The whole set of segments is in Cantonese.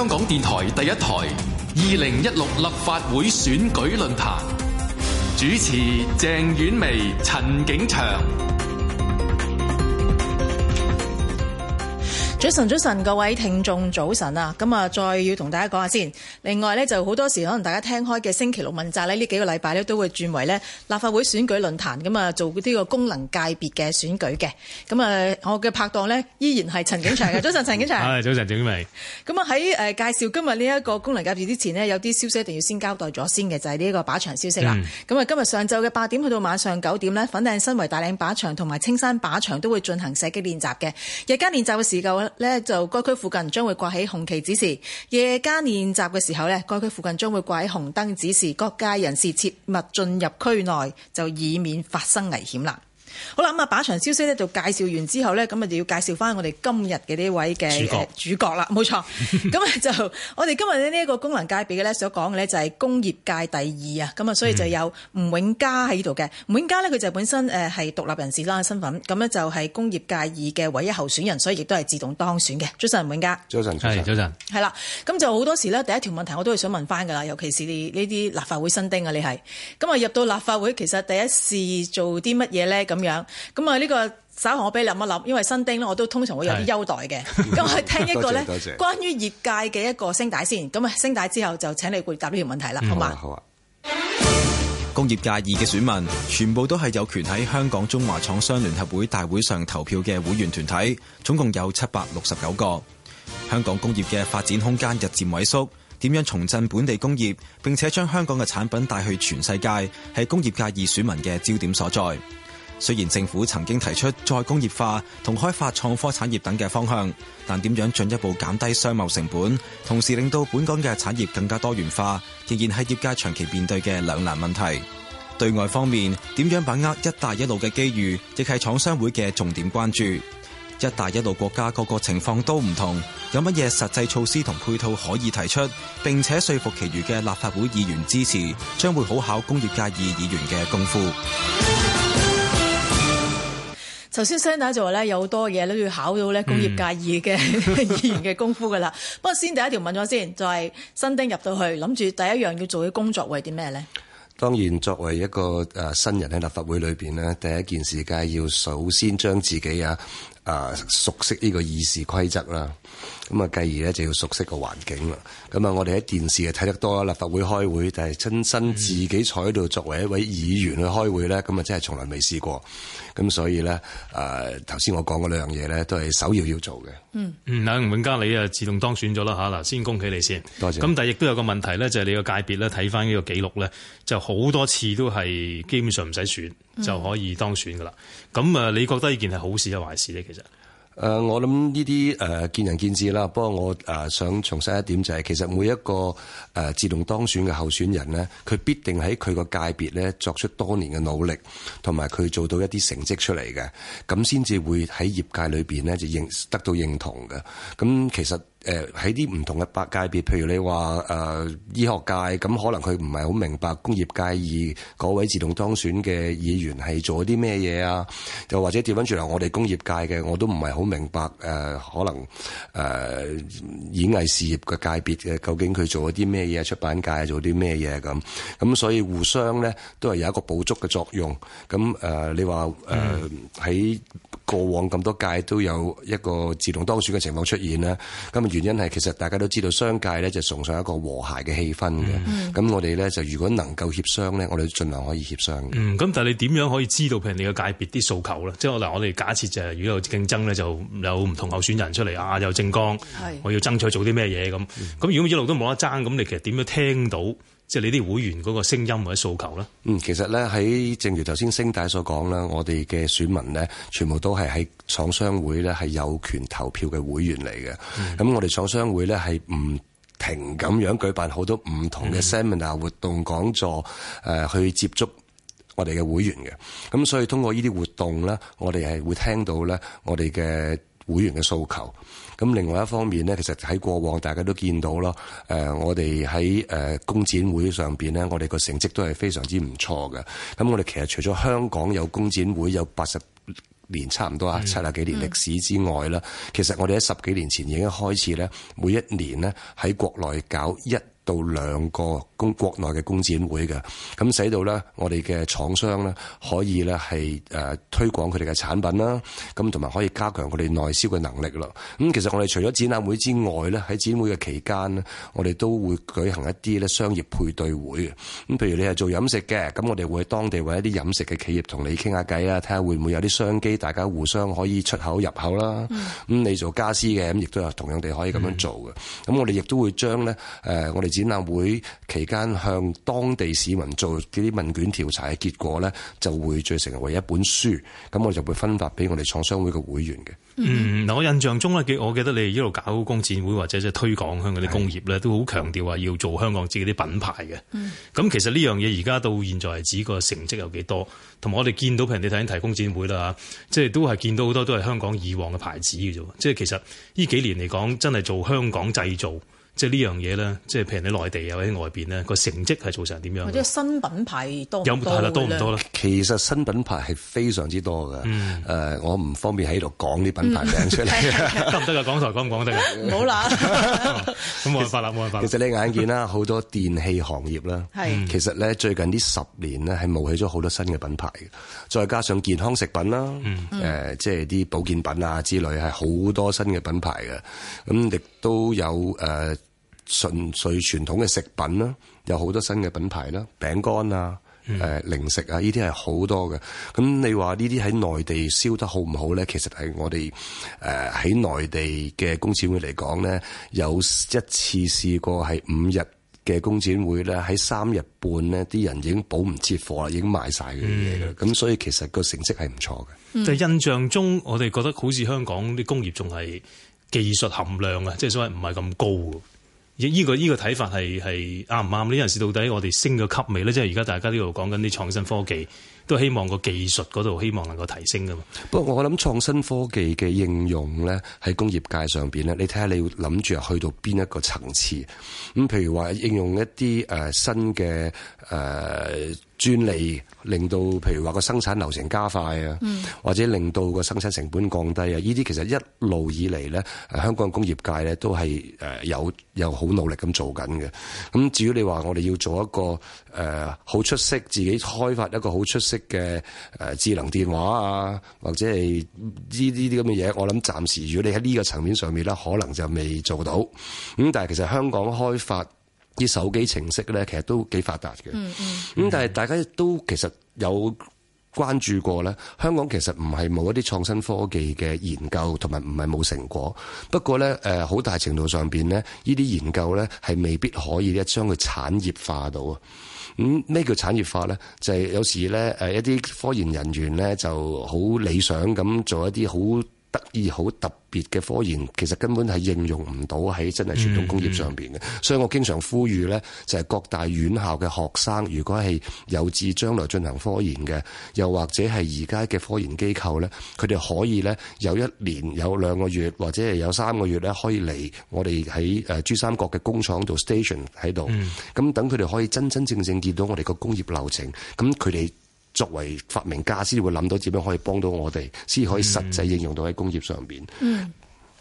香港電台第一台二零一六立法會選舉論壇主持：鄭婉薇、陳景祥。早晨，早晨，各位聽眾早晨啊！咁啊，再要同大家講下先。另外咧，就好多時可能大家聽開嘅星期六問責咧，呢幾個禮拜咧都會轉為咧立法會選舉論壇咁啊，做呢個功能界別嘅選舉嘅。咁啊，我嘅拍檔咧依然係陳景祥嘅。早晨，陳景祥。早晨，婉薇。咁啊，喺誒介紹今日呢一個功能界別之前咧，有啲消息一定要先交代咗先嘅，就係呢一個靶場消息啦。咁啊、嗯，今日上晝嘅八點去到晚上九點咧，粉嶺新圍大嶺靶場同埋青山靶場都會進行射擊練習嘅。日間練習嘅時候呢就該區附近將會掛起紅旗指示，夜間練習嘅時候呢，該區附近將會掛起紅燈指示，各界人士切勿進入區內，就以免發生危險啦。好啦，咁啊，把場消息咧就介紹完之後咧，咁啊就要介紹翻我哋今日嘅呢位嘅主角啦，冇、呃、錯。咁啊 就我哋今日呢呢一個功能界別嘅咧所講嘅咧就係工業界第二啊，咁啊所以就有吳永嘉喺度嘅。嗯、吳永嘉呢，佢就本身誒係獨立人士啦身份，咁呢就係、是、工業界二嘅唯一候選人，所以亦都係自動當選嘅。早晨，吳永嘉上。早晨，早晨。係啦，咁就好多時咧，第一條問題我都係想問翻㗎啦，尤其是你呢啲立法會新丁啊，你係咁啊入到立法會，其實第一次做啲乜嘢咧？咁咁樣咁啊！呢個稍後我俾你諗一諗，因為新丁呢我都通常會有啲優待嘅。咁我是 聽一個呢關於業界嘅一個聲帶先。咁啊，聲帶之後就請你回答呢條問題啦。好嘛、嗯，好啊。好啊。工業界二嘅選民全部都係有權喺香港中華廠商聯合會大會上投票嘅會員團體，總共有七百六十九個。香港工業嘅發展空間日漸萎縮，點樣重振本地工業，並且將香港嘅產品帶去全世界，係工業界二選民嘅焦點所在。雖然政府曾經提出再工業化同開發創科產業等嘅方向，但點樣進一步減低商貿成本，同時令到本港嘅產業更加多元化，仍然係業界長期面對嘅兩難問題。對外方面，點樣把握“一帶一路”嘅機遇，亦係廠商會嘅重點關注。“一帶一路”國家各個情況都唔同，有乜嘢實際措施同配套可以提出，並且說服其餘嘅立法會議員支持，將會好考工業界二議員嘅功夫。頭先 Sandy 就話咧，有好多嘢都要考到咧，工業界議嘅議員嘅功夫㗎喇。不過先第一條問咗先，就係、是、新丁入到去，諗住第一樣要做嘅工作為啲咩咧？當然作為一個誒新人喺立法會裏面，咧，第一件事梗係要首先將自己啊熟悉呢個議事規則啦。咁啊，繼而咧就要熟悉個環境啦。咁啊，我哋喺電視啊睇得多立法會開會，但係親身自己坐喺度作為一位議員去開會咧，咁啊真係從來未試過。咁所以咧，誒頭先我講嗰兩樣嘢咧，都係首要要做嘅。嗯嗯，嗱、嗯，永嘉你啊自動當選咗啦吓，嗱先恭喜你先。多謝。咁但係亦都有個問題咧，就係、是、你個界別咧睇翻呢個記錄咧，就好多次都係基本上唔使選就可以當選噶啦。咁啊、嗯，你覺得呢件係好事定壞事咧？其實？誒，我諗呢啲誒見仁見智啦。不過我誒想重申一點，就係，就係其實每一個誒自動當選嘅候選人咧，佢必定喺佢個界別咧作出多年嘅努力，同埋佢做到一啲成績出嚟嘅，咁先至會喺業界裏面咧就得到認同嘅。咁其實。誒喺啲唔同嘅界別，譬如你話誒、呃、醫學界，咁可能佢唔係好明白工業界而位自動當選嘅議員係做咗啲咩嘢啊？又、嗯、或者調翻轉嚟，我哋工業界嘅我都唔係好明白誒、呃，可能誒、呃呃、演藝事業嘅界別嘅究竟佢做咗啲咩嘢？出版界做啲咩嘢咁？咁所以互相咧都係有一個補足嘅作用。咁誒、呃，你話誒喺過往咁多屆都有一個自動當選嘅情況出現啦。咁原因係其實大家都知道商界咧就崇尚一個和諧嘅氣氛嘅，咁、嗯、我哋咧就如果能夠協商咧，我哋盡量可以協商。嗯，咁但係你點樣可以知道譬如你嘅界別啲訴求咧？即可能我哋假設就係、是、如果有競爭咧就有唔同候選人出嚟啊，有政綱，是我要爭取做啲咩嘢咁。咁如果一路都冇得爭，咁你其實點樣聽到？即係你啲會員嗰個聲音或者訴求啦。嗯，其實咧喺正如頭先聲帶所講啦，我哋嘅選民咧，全部都係喺廠商會咧係有權投票嘅會員嚟嘅。咁、嗯、我哋廠商會咧係唔停咁樣舉辦好多唔同嘅 seminar 活動講座，誒、呃、去接觸我哋嘅會員嘅。咁所以通過呢啲活動咧，我哋係會聽到咧我哋嘅會員嘅訴求。咁另外一方面咧，其實喺過往大家都見到咯，誒，我哋喺誒公展會上邊咧，我哋個成績都係非常之唔錯嘅。咁我哋其實除咗香港有公展會有八十年差唔多七啊幾年歷史之外啦，是其實我哋喺十幾年前已經開始咧，每一年咧喺國內搞一。到兩個公國內嘅工展會嘅，咁使到咧我哋嘅廠商咧可以咧係誒推廣佢哋嘅產品啦，咁同埋可以加強佢哋內銷嘅能力咯。咁其實我哋除咗展覽會之外咧，喺展會嘅期間咧，我哋都會舉行一啲咧商業配對會嘅。咁譬如你係做飲食嘅，咁我哋會喺當地揾一啲飲食嘅企業同你傾下偈啊，睇下會唔會有啲商機大家互相可以出口入口啦。咁、嗯、你做家私嘅，咁亦都有同樣地可以咁樣做嘅。咁、嗯、我哋亦都會將咧誒我哋，展覽會期間向當地市民做啲問卷調查嘅結果咧，就會再成為一本書。咁我就會分發俾我哋創商會嘅會員嘅。嗯，嗱，我印象中咧，我記得你哋一路搞工展會或者即係推廣香港啲工業咧，的都好強調話要做香港自己啲品牌嘅。嗯，咁其實呢樣嘢而家到現在係指個成績有幾多，同埋我哋見到譬如你睇緊提供展會啦嚇，即係都係見到好多都係香港以往嘅牌子嘅啫。即係其實呢幾年嚟講，真係做香港製造。即係呢樣嘢咧，即係譬如你內地又喺外邊咧，個成績係做成點樣？或者新品牌多唔多？係多唔多咧？其實新品牌係非常之多嘅。誒，我唔方便喺度講啲品牌名出嚟。得唔得啊？港台講唔講得好啦，咁冇辦法啦，冇辦法。其實你眼見啦，好多電器行業啦，係其實咧，最近呢十年咧係冒起咗好多新嘅品牌嘅，再加上健康食品啦，誒，即係啲保健品啊之類係好多新嘅品牌嘅。咁亦都有誒。純粹傳統嘅食品啦，有好多新嘅品牌啦，餅乾啊，誒、呃、零食啊，呢啲係好多嘅。咁你話呢啲喺內地銷得好唔好咧？其實係我哋誒喺內地嘅工展會嚟講咧，有一次試過係五日嘅工展會咧，喺三日半咧，啲人已經補唔切貨啦，已經賣晒嘅嘢啦。咁、嗯、所以其實個成績係唔錯嘅。即係、嗯、印象中，我哋覺得好似香港啲工業仲係技術含量啊，即係所謂唔係咁高。呢個呢個睇法係係啱唔啱？呢件事到底我哋升咗級未咧？即係而家大家呢度講緊啲創新科技。都希望個技術度希望能夠提升噶嘛？不過我諗創新科技嘅應用咧，喺工業界上邊咧，你睇下你要諗住去到邊一個層次？咁譬如話應用一啲誒、呃、新嘅誒專利，令到譬如話個生產流程加快啊，嗯、或者令到個生產成本降低啊，呢啲其實一路以嚟咧，香港工業界咧都係誒有有好努力咁做緊嘅。咁至於你話我哋要做一個誒好、呃、出色，自己開發一個好出色嘅誒智能電話啊，或者係呢啲啲咁嘅嘢，我諗暫時如果你喺呢個層面上面咧，可能就未做到。咁但係其實香港開發啲手機程式咧，其實都幾發達嘅。咁、嗯嗯、但係大家都其實有關注過咧，香港其實唔係冇一啲創新科技嘅研究，同埋唔係冇成果。不過咧，誒好大程度上面咧，呢啲研究咧係未必可以一將佢產業化到啊。咁咩叫產業化咧？就係、是、有時咧，誒，一啲科研人員咧就好理想咁做一啲好。得意好特別嘅科研，其實根本係應用唔到喺真係傳統工業上面嘅，mm hmm. 所以我經常呼籲呢，就係、是、各大院校嘅學生，如果係有志將來進行科研嘅，又或者係而家嘅科研機構呢，佢哋可以呢有一年有兩個月或者係有三個月呢，可以嚟我哋喺誒珠三角嘅工廠度 station 喺度，咁等佢哋可以真真正正見到我哋個工業流程，咁佢哋。作為發明家先會諗到點樣可以幫到我哋，先可以實際應用到喺工業上面。嗯嗯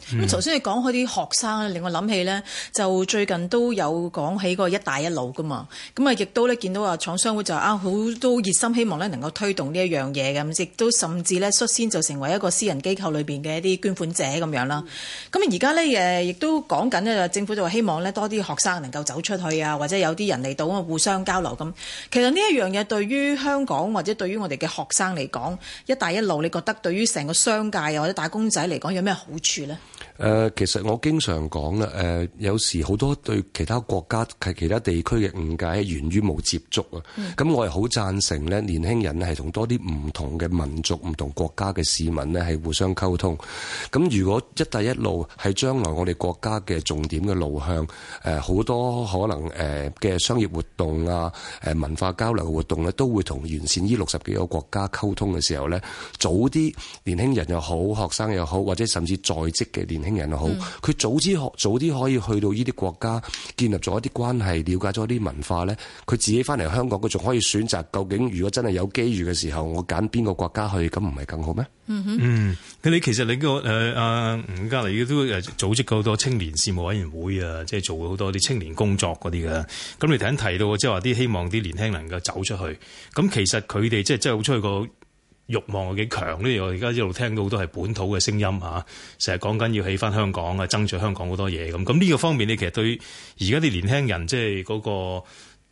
咁頭先你講開啲學生咧，令我諗起咧，就最近都有講起嗰個一帶一路噶嘛。咁啊，亦都咧見到啊，廠商會就啊好都熱心，希望咧能夠推動呢一樣嘢嘅咁，亦都甚至咧率先就成為一個私人機構裏邊嘅一啲捐款者咁、嗯、樣啦。咁而家咧誒亦都講緊咧，政府就希望咧多啲學生能夠走出去啊，或者有啲人嚟到啊互相交流咁。其實呢一樣嘢對於香港或者對於我哋嘅學生嚟講一帶一路，你覺得對於成個商界啊或者打工仔嚟講有咩好處咧？誒、呃、其實我經常講啦，誒、呃、有時好多對其他國家，係其他地區嘅誤解源無，源於冇接觸啊。咁我係好贊成咧，年輕人係同多啲唔同嘅民族，唔同國家嘅市民咧係互相溝通。咁如果一帶一路係將來我哋國家嘅重點嘅路向，誒、呃、好多可能誒嘅商業活動啊，誒文化交流嘅活動咧，啊，都會同完善呢六十幾個國家溝通嘅時候咧，早啲年輕人又好，學生又好，或者甚至在職嘅年輕人好，佢早啲學，早啲可以去到呢啲國家，建立咗一啲關係，了解咗一啲文化咧。佢自己翻嚟香港，佢仲可以選擇。究竟如果真係有機遇嘅時候，我揀邊個國家去，咁唔係更好咩？嗯哼，嗯，你其實你個誒阿吳嘉利都誒組織過好多青年事務委員會啊，即係做好多啲青年工作嗰啲嘅。咁你頭先提到即係話啲希望啲年輕人夠走出去。咁其實佢哋即係好出去個。欲望又幾強呢？我而家一路聽到好多係本土嘅聲音嚇，成日講緊要起返香港啊，爭取香港好多嘢咁。咁呢個方面，你其實對而家啲年輕人即係嗰個。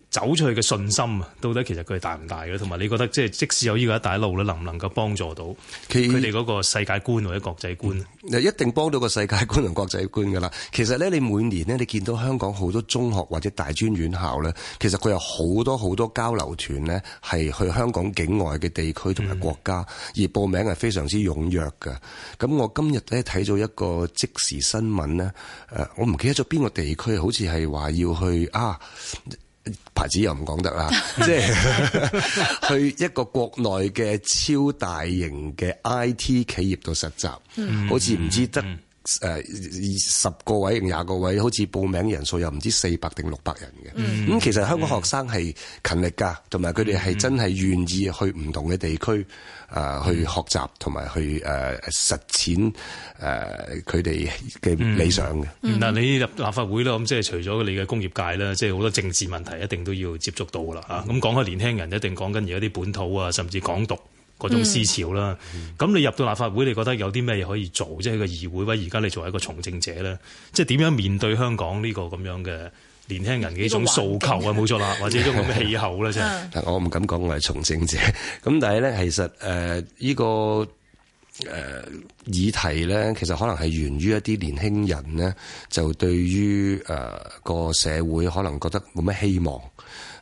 走出去嘅信心啊，到底其實佢係大唔大嘅？同埋你覺得，即係即使有呢個一帶一路咧，能唔能夠幫助到佢哋嗰個世界觀或者國際觀？嗱、嗯，一定幫到個世界觀同國際觀㗎啦。其實咧，你每年咧，你見到香港好多中學或者大專院校咧，其實佢有好多好多交流團咧，係去香港境外嘅地區同埋國家，嗯、而報名係非常之踊躍嘅。咁我今日咧睇到一個即時新聞咧，誒，我唔記得咗邊個地區好似係話要去啊。牌子又唔講得啦， 即係去一個國內嘅超大型嘅 IT 企業度實習，嗯、好似唔知得誒十個位定廿個位，好似報名人數又唔知四百定六百人嘅。咁、嗯、其實香港學生係勤力㗎，同埋佢哋係真係願意去唔同嘅地區。誒去學習同埋去誒實踐誒佢哋嘅理想嘅嗱，嗯嗯、你入立法會啦，咁即係除咗你嘅工業界啦，即係好多政治問題一定都要接觸到啦嚇。咁講開年輕人，一定講緊而家啲本土啊，甚至港獨嗰種思潮啦。咁、嗯、你入到立法會，你覺得有啲咩嘢可以做？即係個議會，或而家你作為一個從政者咧，即係點樣面對香港呢個咁樣嘅？年輕人嘅一種訴求啊，冇錯啦，或者一種咩氣候咧，但 我唔敢講我係從政者，咁但係咧，其實誒依、呃呢個誒。呃議題咧，其實可能係源於一啲年輕人咧，就對於誒個社會可能覺得冇乜希望，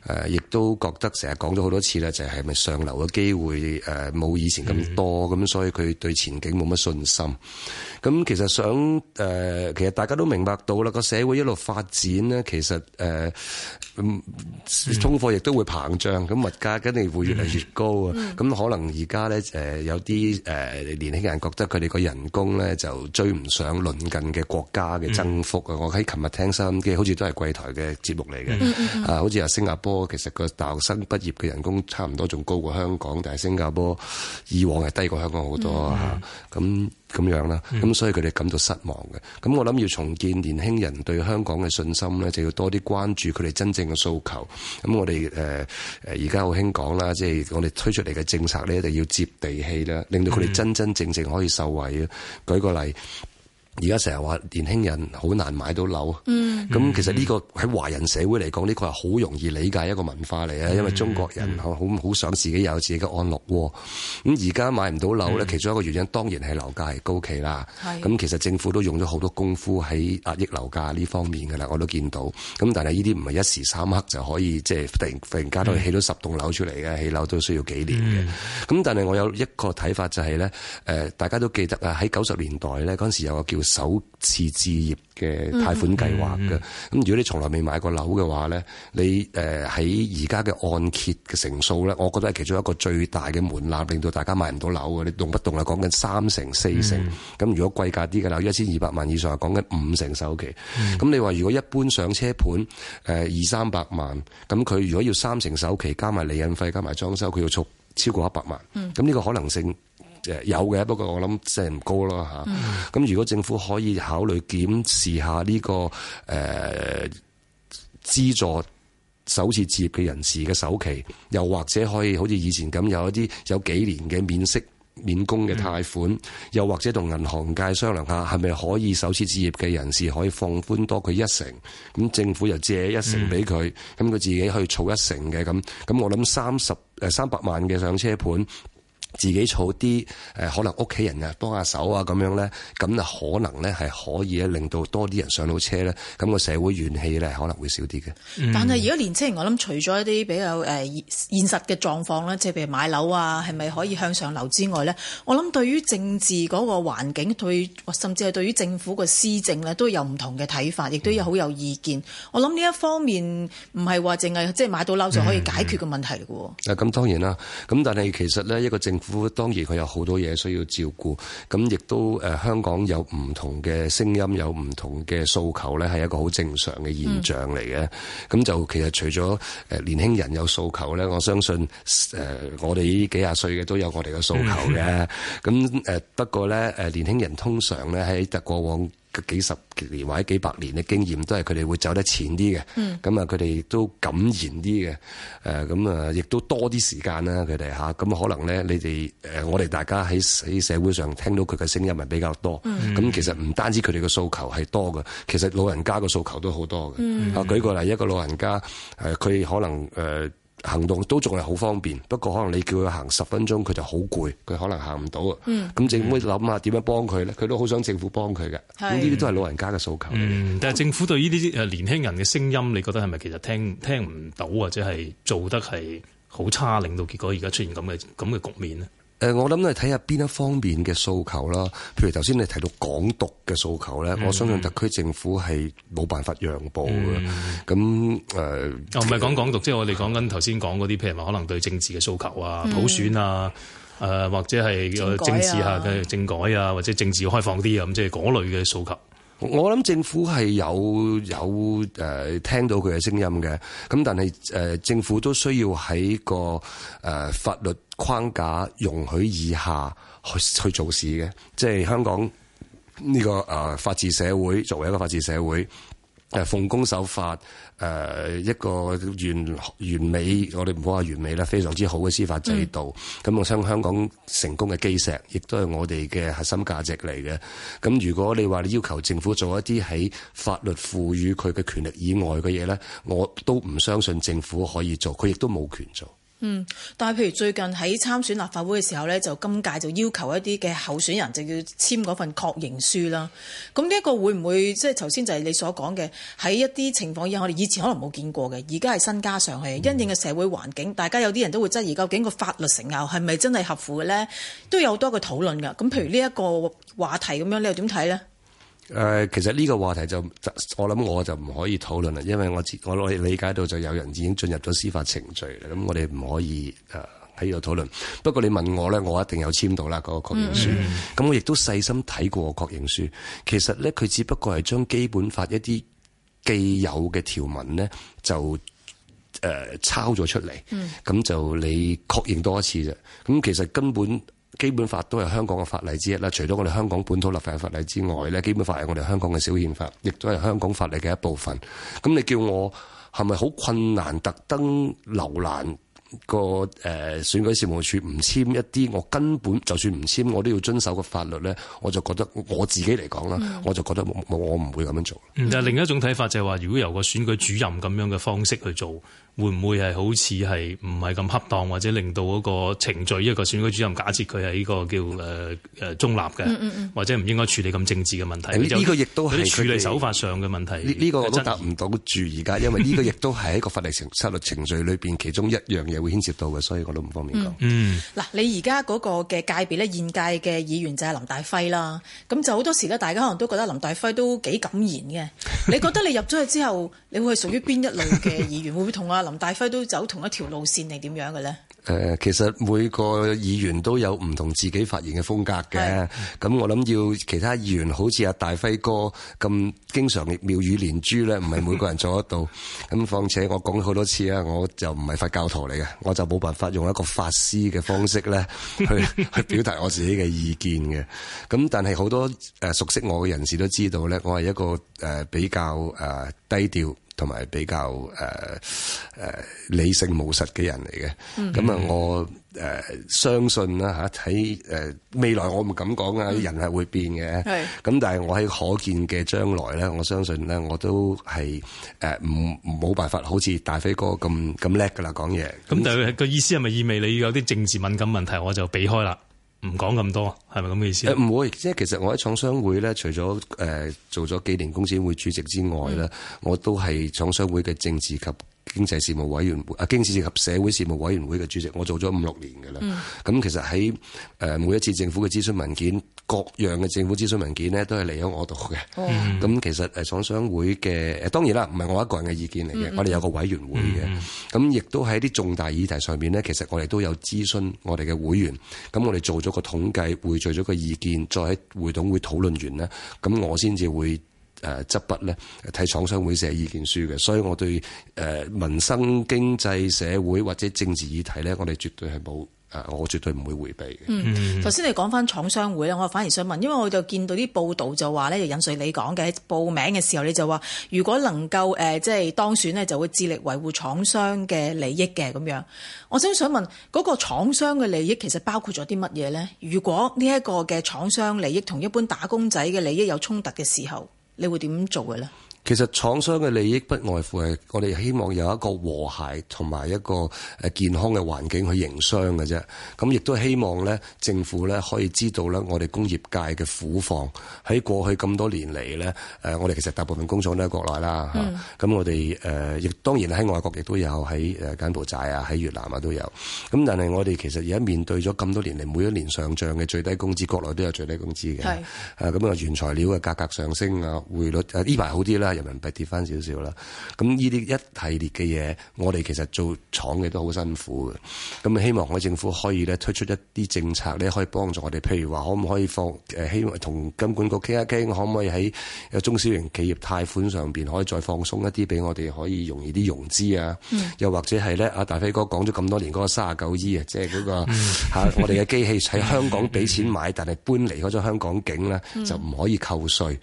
誒亦都覺得成日講咗好多次咧，就係係咪上流嘅機會誒冇、呃、以前咁多，咁、嗯、所以佢對前景冇乜信心。咁其實想誒、呃、其實大家都明白到啦，個社會一路發展咧，其實誒、呃、通貨亦都會膨脹咁物價肯定會越嚟越高啊。咁、嗯、可能而家咧誒有啲誒、呃、年輕人覺得佢哋。嘅人工咧就追唔上鄰近嘅國家嘅增幅啊！嗯、我喺琴日聽收音機好似都係櫃台嘅節目嚟嘅、嗯嗯嗯、啊！好似由新加坡其實個大學生畢業嘅人工差唔多仲高過香港，但係新加坡以往係低過香港好多嗯嗯啊！咁。咁樣啦，咁所以佢哋感到失望嘅。咁我諗要重建年輕人對香港嘅信心咧，就要多啲關注佢哋真正嘅訴求。咁我哋誒而家好興講啦，即係我哋推出嚟嘅政策咧，一定要接地氣啦，令到佢哋真真正正可以受惠啊！舉個例。而家成日話年輕人好難買到樓，咁、嗯、其實呢、呢個喺華人社會嚟講，呢、呢個係好容易理解一個文化嚟嘅，因為中國人好好好想自己有自己嘅安樂窩。咁而家買唔到樓咧，其中一個原因當然係樓價係高企啦。咁、嗯、其實政府都用咗好多功夫喺壓抑樓價呢方面㗎啦，我都見到。咁但係呢啲唔係一時三刻就可以即係、就是、突然突然間都起到十棟樓出嚟嘅，起樓都需要幾年嘅。咁但係我有一個睇法就係、是、咧、呃，大家都記得啊，喺九十年代咧嗰陣時有個叫首次置業嘅貸款計劃嘅，咁、嗯嗯、如果你從來未買過樓嘅話呢，你誒喺而家嘅按揭嘅成數呢，我覺得係其中一個最大嘅門檻，令到大家買唔到樓嘅。你動不動係講緊三成四成，咁、嗯、如果貴價啲嘅樓一千二百萬以上，講緊五成首期。咁、嗯、你話如果一般上車盤誒二三百萬，咁佢如果要三成首期，加埋厘印費，加埋裝修，佢要儲超過一百萬，咁呢、嗯、個可能性？有嘅，不過我諗即係唔高囉吓。咁、嗯、如果政府可以考慮檢視下呢、呢個誒、呃、資助首次置業嘅人士嘅首期，又或者可以好似以前咁有一啲有幾年嘅免息免供嘅貸款，嗯、又或者同銀行界商量下，係咪可以首次置業嘅人士可以放寬多佢一成？咁政府又借一成俾佢，咁佢、嗯、自己去儲一成嘅咁。咁我諗三十、呃、三百萬嘅上車盤，自己儲啲誒，可能屋企人啊幫下手啊咁樣咧，咁啊可能咧係可以令到多啲人上到車咧，咁個社會怨氣咧可能會少啲嘅。但係而家年輕人，我諗除咗一啲比較誒現實嘅狀況呢，即係譬如買樓啊，係咪可以向上流之外咧，我諗對於政治嗰個環境，對甚至係對於政府個施政咧，都有唔同嘅睇法，亦都有好有意見。嗯、我諗呢一方面唔係話淨係即係買到樓就可以解決個問題嘅喎。咁當然啦，咁但係其實呢一個政府當然佢有好多嘢需要照顧，咁亦都誒、呃、香港有唔同嘅聲音，有唔同嘅訴求咧，係一個好正常嘅現象嚟嘅。咁、嗯、就其實除咗誒、呃、年輕人有訴求咧，我相信誒、呃、我哋呢幾廿歲嘅都有我哋嘅訴求嘅。咁誒、嗯呃、不過咧誒、呃、年輕人通常咧喺特過往，佢幾十年或者幾百年嘅經驗，都係佢哋會走得前啲嘅。咁啊、嗯，佢哋都敢言啲嘅。誒，咁啊，亦都多啲時間啦。佢哋吓，咁可能咧，你哋誒，我哋大家喺喺社會上聽到佢嘅聲音，係比較多。咁、嗯、其實唔單止佢哋嘅訴求係多嘅，其實老人家嘅訴求都好多嘅。嗯、啊，舉個例，一個老人家誒，佢、呃、可能誒。呃行動都仲係好方便，不過可能你叫佢行十分鐘，佢就好攰，佢可能行唔到啊。咁、嗯、政府諗下點樣幫佢咧？佢都好想政府幫佢嘅，呢啲是都係老人家嘅訴求。嗯、但係政府對呢啲誒年輕人嘅聲音，你覺得係咪其實聽聽唔到或者係做得係好差，令到結果而家出現咁嘅咁嘅局面呢？誒、呃，我諗都係睇下邊一方面嘅訴求啦。譬如頭先你提到港獨嘅訴求咧，嗯、我相信特區政府係冇辦法讓步嘅。咁誒、嗯，呃、我唔係講港獨，即係、嗯、我哋講緊頭先講嗰啲，譬如話可能對政治嘅訴求啊、嗯、普選啊、誒、呃、或者係政治下嘅政改啊，或者政治開放啲啊，咁即係嗰類嘅訴求。我諗政府係有有誒、呃、聽到佢嘅聲音嘅，咁但係誒、呃、政府都需要喺個誒、呃、法律框架容許以下去去做事嘅，即係香港呢、呢個誒、呃、法治社會，作為一個法治社會。誒奉公守法，誒、呃、一個完完美，我哋唔好話完美啦，非常之好嘅司法制度，咁我相信香港成功嘅基石，亦都係我哋嘅核心價值嚟嘅。咁如果你話你要求政府做一啲喺法律賦予佢嘅權力以外嘅嘢咧，我都唔相信政府可以做，佢亦都冇權做。嗯，但係譬如最近喺參選立法會嘅時候咧，就今屆就要求一啲嘅候選人就要簽嗰份確認書啦。咁呢一個會唔會即係頭先就係你所講嘅，喺一啲情況，以我哋以前可能冇見過嘅，而家係新加上去，因應嘅社會環境，大家有啲人都會質疑究竟個法律成效係咪真係合乎嘅咧？都有多個討論㗎。咁譬如呢一個話題咁樣，你又點睇咧？誒、呃，其實呢個話題就我諗我就唔可以討論啦，因為我我理理解到就有人已經進入咗司法程序啦，咁我哋唔可以誒喺度討論。不過你問我咧，我一定有簽到啦，嗰、那個確認書。咁、嗯、我亦都細心睇過確認書，其實咧佢只不過係將基本法一啲既有嘅條文咧就誒、呃、抄咗出嚟，咁、嗯、就你確認多一次啫。咁其實根本。基本法都係香港嘅法例之一，除咗我哋香港本土立法嘅法例之外，基本法係我哋香港嘅小憲法，亦都係香港法例嘅一部分。噉你叫我係咪好困難特登瀏覽？個誒選舉事務處唔簽一啲，我根本就算唔簽，我都要遵守個法律咧。我就覺得我自己嚟講啦，嗯、我就覺得我唔會咁樣做、嗯。但另一種睇法就係、係、話，如果由個選舉主任咁樣嘅方式去做，會唔會係好似係唔係咁恰當，或者令到嗰個程序？一、呢個選舉主任假設佢係呢個叫、呃、中立嘅，或者唔應該處理咁政治嘅問題。呢、嗯嗯、就個亦都係處理手法上嘅問題。呢、呢個都答唔到住而家，因為呢個亦都係一個法律， 法律程序裏面其中一樣嘢。會牽涉到嘅，所以我都唔方便講。嗯，嗱，你而家嗰個嘅界別咧，現界嘅議員就係林大輝啦。咁就好多時咧，大家可能都覺得林大輝都幾敢言嘅。 你覺得你入咗去之後，你會係屬於邊一類嘅議員？ 會唔會同阿林大輝都走同一條路線，定點樣嘅咧？誒，其實每個議員都有唔同自己發言嘅風格嘅，咁的我諗要其他議員好似阿大輝哥咁經常妙語連珠咧，唔係每個人做得到。咁況 且我講好多次啊，我就唔係佛教徒嚟嘅，我就冇辦法，法用一個法師嘅方式咧，去去表達我自己嘅意見嘅。咁 但係好多誒熟悉我嘅人士都知道咧，我係一個誒比較誒低調。同埋比較誒誒、呃呃、理性務實嘅人嚟嘅，咁、mm hmm. 呃、啊，我誒相信啦嚇，喺、呃、未來我唔敢講啊，人係會變嘅。咁、mm，hmm. 但係我喺可見嘅將來咧，我相信咧，我都係誒唔冇辦法好似大飛哥咁咁叻噶啦，講嘢。咁但係個意思係咪意味你有啲政治敏感問題，我就避開啦？唔講咁多，係咪咁嘅意思？唔會，即係其實我喺廠商會咧，除咗誒做咗幾年工展會主席之外咧，是的 我都係廠商會嘅政治及經濟事務委員會啊，經濟及社會事務委員會嘅主席，我做咗五六年㗎啦。咁、嗯、其實喺每一次政府嘅諮詢文件，各樣嘅政府諮詢文件咧，都係嚟喺我度嘅。咁、hmm. 其實誒廠商會嘅，當然啦，唔係我一個人嘅意見嚟嘅。Mm hmm. 我哋有一個委員會嘅。咁亦都喺啲重大議題上面咧，其實我哋都有諮詢我哋嘅會員。咁我哋做咗個統計，匯聚咗個意見，再喺會董會討論完呢。咁我先至會誒、呃、執筆咧睇廠商會寫意見書嘅。所以我對誒、呃、民生、經濟、社會或者政治議題咧，我哋絕對係冇。我絕對唔會迴避。嗯，頭先你講翻廠商會咧，我反而想問，因為我就見到啲報道就話咧，就引述你講嘅，報名嘅時候你就話，如果能夠誒即係當選咧，就會致力維護廠商嘅利益嘅咁樣。我想想問嗰個廠商嘅利益其實包括咗啲乜嘢咧？如果呢一個嘅廠商利益同一般打工仔嘅利益有衝突嘅時候，你會點做嘅咧？其實廠商嘅利益不外乎係我哋希望有一個和諧同埋一個誒健康嘅環境去營商嘅啫。咁亦都希望咧，政府咧可以知道咧，我哋工業界嘅苦況喺過去咁多年嚟咧。誒，我哋其實大部分工廠都喺國內啦。咁我哋誒，亦當然喺外國亦都有喺柬埔寨啊、喺越南啊都有。咁但係我哋其實而家面對咗咁多年嚟，每一年上漲嘅最低工資，國內都有最低工資嘅。咁啊，原材料嘅價格上升啊，匯率誒呢排好啲啦。人民幣跌翻少少啦，咁呢啲一系列嘅嘢，我哋其實做廠嘅都好辛苦嘅，咁希望我政府可以咧推出一啲政策咧，可以幫助我哋。譬如話，可唔可以放誒希望同金管局傾一傾，可唔可以喺中小型企業貸款上邊可以再放鬆一啲，俾我哋可以容易啲融資啊？嗯、又或者係咧，阿大飛哥講咗咁多年嗰、嗰個三十九 E、嗰個、 啊，即係嗰個我哋嘅機器喺香港俾錢買，但係搬離開咗香港境咧、嗯、就唔可以扣稅。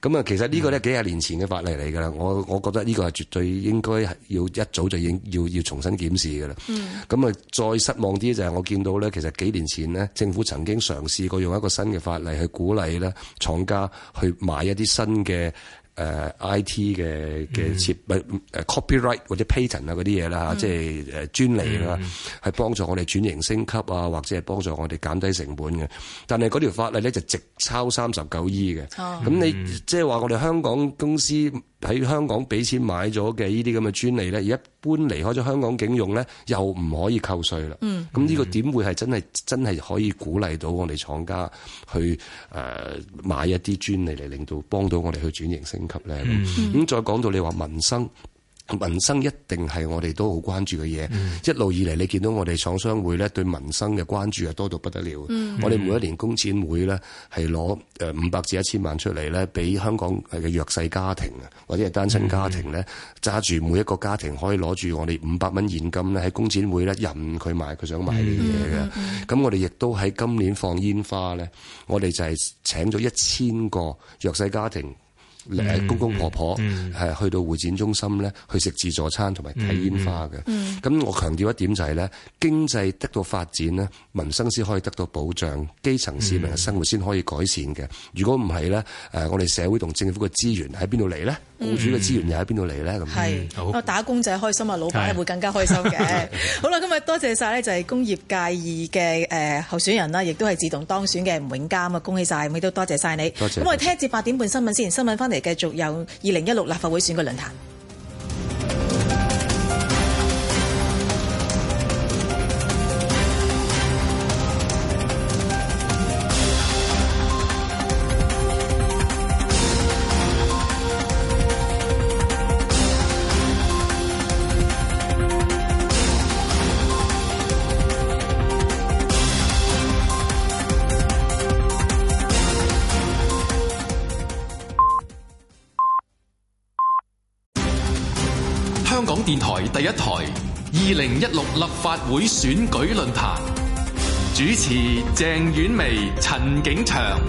咁啊，其實個呢個咧幾廿年前嘅。法例嚟噶啦，我我覺得呢個係絕對應該係要一早就應要要重新檢視噶啦。嗯，咁啊，再失望啲就係我見到咧，其實幾年前咧，政府曾經嘗試過用一個新嘅法例去鼓勵咧廠家去買一啲新嘅。誒、uh, I T 嘅嘅設誒、嗯 uh, copyright 或者 patent 啊嗰啲嘢啦，嗯、即係誒專利啦，係幫、嗯、助我哋轉型升級啊，或者係幫助我哋減低成本嘅。但係嗰條法例咧就直抄三十九 E 嘅，咁、哦、你、嗯、即係話我哋香港公司。喺香港俾錢買咗嘅呢啲咁嘅專利咧，而一般離開咗香港境用咧，又唔可以扣稅啦。嗯，咁呢個點會係真係真係可以鼓勵到我哋廠家去誒、呃、買一啲專利嚟令到幫到我哋去轉型升級咧？咁、嗯、再講到你話民生。民生一定係我哋都好關注嘅嘢，一路以嚟你見到我哋廠商會咧對民生嘅關注啊多到不得了。我哋每一年工展會咧係攞誒五百至一千萬出嚟咧，俾香港嘅弱勢家庭啊，或者係單親家庭咧，揸住每一個家庭可以攞住我哋五百蚊現金咧，喺工展會咧任佢買佢想買嘅嘢嘅。咁我哋亦都喺今年放煙花咧，我哋就係請咗一千個弱勢家庭。公公婆婆、嗯嗯、去到會展中心咧，去食自助餐同埋睇煙花嘅。咁、嗯、我強調一點就係、是、咧，經濟得到發展呢，民生先可以得到保障，基層市民嘅生活先可以改善嘅。如果唔係咧，誒我哋社會同政府嘅資源喺邊度嚟呢？僱、嗯、主嘅資源又喺邊度嚟呢？咁係、嗯，好打工仔開心啊，老闆會更加開心嘅。是 好啦，今日多謝晒呢，就係工業界二嘅誒候選人啦，亦都係自動當選嘅吳永嘉啊，恭喜晒，咁亦都多謝晒你。多謝。咁我哋聽一節八點半新聞先，新聞翻。嚟，繼續有二零一六立法會選舉論壇。香港電台第一台，二零一六立法會選舉論壇主持：鄭婉薇、陳景祥。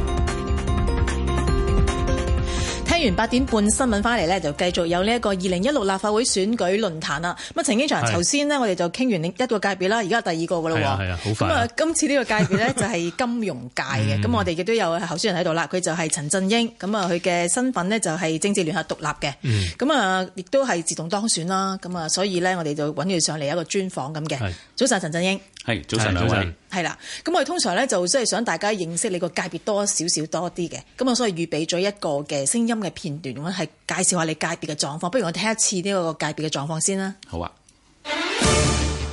完八點半新聞翻嚟咧，就繼續有呢一個二零一六立法會選舉論壇啦。咁、嗯、啊，陳景祥，頭先呢，我哋就傾完一個界別啦，而家係第二個噶喇，係啊，好快。咁啊，今次呢個界別咧，就係金融界嘅。咁、 嗯、我哋亦都有候選人喺度啦。佢就係陳振英。咁啊，佢嘅身份呢，就係政治聯合獨立嘅。咁啊、嗯，亦都係自動當選啦。咁啊，所以呢，我哋就揾佢上嚟一個專訪咁嘅。的早晨，陳振英。係早晨，早晨，係啦。咁我哋通常咧就即係想大家認識你個界別多少少多啲嘅。咁我所以預備咗一個嘅聲音嘅片段，我係介紹下你界別嘅狀況。不如我聽一次呢個界別嘅狀況先啦。好啊。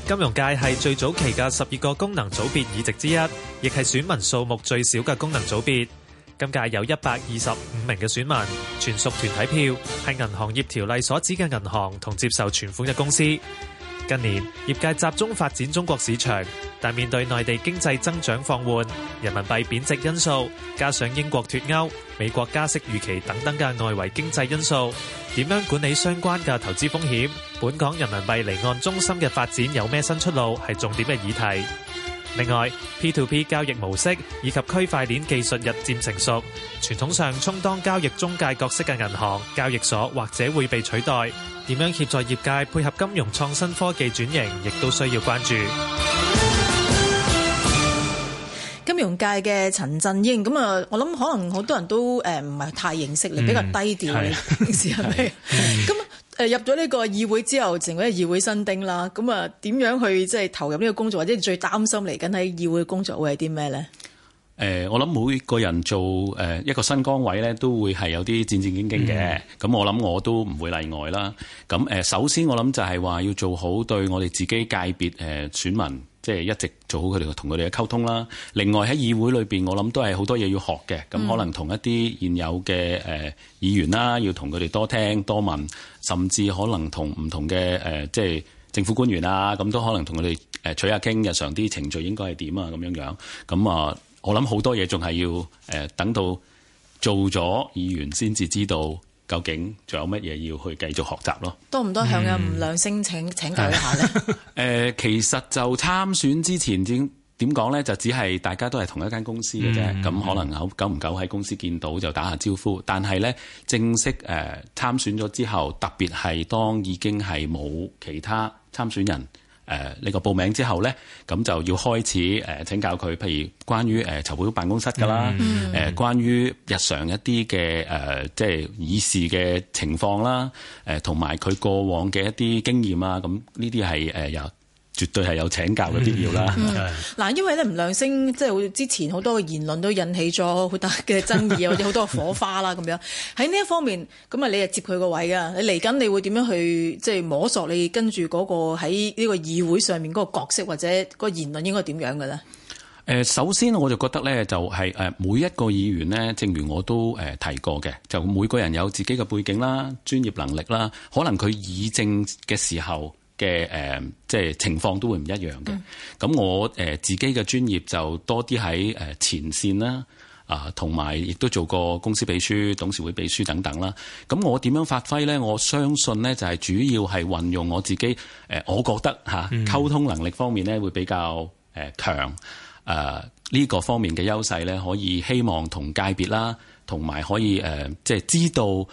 金融界係最早期嘅十二個功能組別議席之一，亦係選民數目最少嘅功能組別。今屆有一百二十五名嘅選民，全屬團體票，係銀行業條例所指嘅銀行同接受存款嘅公司。近年，業界集中發展中國市場，但面對內地經濟增長放緩、人民幣貶值因素，加上英國脫歐、美國加息預期等等嘅外圍經濟因素，點樣管理相關嘅投資風險？本港人民幣離岸中心嘅發展有咩新出路？係重點嘅議題。另外，P to P 交易模式以及區塊鏈技術日漸成熟，傳統上充當交易中介角色嘅銀行、交易所或者會被取代。點樣協助業界配合金融創新科技轉型，亦都需要關注。金融界嘅陳振英，咁啊，我諗可能好多人都誒唔係太認識你，嗯、比較低調，平是時係入咗呢個議會之後，成為議會新丁啦，咁啊，點樣去即係投入呢個工作，或者最擔心嚟緊喺議會工作會係啲咩咧？誒、呃，我諗每個人做誒一個新崗位咧，都會係有啲戰戰兢兢嘅。咁、嗯、我諗我都唔會例外啦。咁誒，首先我諗就係話要做好對我哋自己界別誒選民。即係一直做好佢哋同佢哋嘅溝通啦。另外喺議會裏邊，我諗都係好多嘢要學嘅。咁、嗯、可能同一啲現有嘅誒議員啦，要同佢哋多聽多問，甚至可能同唔同嘅誒即係政府官員啊，咁都可能同佢哋誒取下傾。日常啲程序應該係點啊？咁樣樣咁啊，我諗好多嘢仲係要誒等到做咗議員先至知道。究竟仲有乜嘢要去繼續學習咯？多唔多向吳亮星請、嗯、請教一下咧。誒、 呃，其實就參選之前點、點講咧，就只係大家都係同一間公司嘅啫。咁、嗯嗯、可能好久唔久喺公司見到就打下招呼。但係咧，正式誒參、呃、選咗之後，特別係當已經係冇其他參選人。誒呢、呃呢個報名之後咧，咁就要開始誒請教佢，譬如關於誒、呃、籌備辦公室噶啦，誒、mm hmm. 呃、關於日常一啲嘅誒即係議事嘅情況啦，誒同埋佢過往嘅一啲經驗啊，咁呢啲係誒有。絕對係有請教嘅必要啦。嗱、嗯，因為咧吳亮星即係之前好多嘅言論都引起咗好大嘅爭議啊，或者好多火花啦咁 樣。喺呢一方面，咁啊你就接佢個位噶，你嚟緊你會點樣去即係摸索你跟住嗰個喺呢個議會上面嗰個角色或者那個言論應該點樣嘅咧？首先我就覺得咧，就係每一個議員呢，正如我都提過嘅，就每個人有自己嘅背景啦、專業能力啦，可能佢議政嘅時候。嘅誒、呃，即係情況都會唔一樣嘅。咁、嗯、我誒、呃、自己嘅專業就多啲喺誒前線啦，啊、呃，同埋亦都做過公司秘書、董事會秘書等等啦。咁我點樣發揮呢？我相信呢就係、是、主要係運用我自己誒、呃，我覺得嚇、啊、溝通能力方面呢會比較誒強誒呢個方面嘅優勢呢，可以希望同界別啦。同埋可以誒，即係知道誒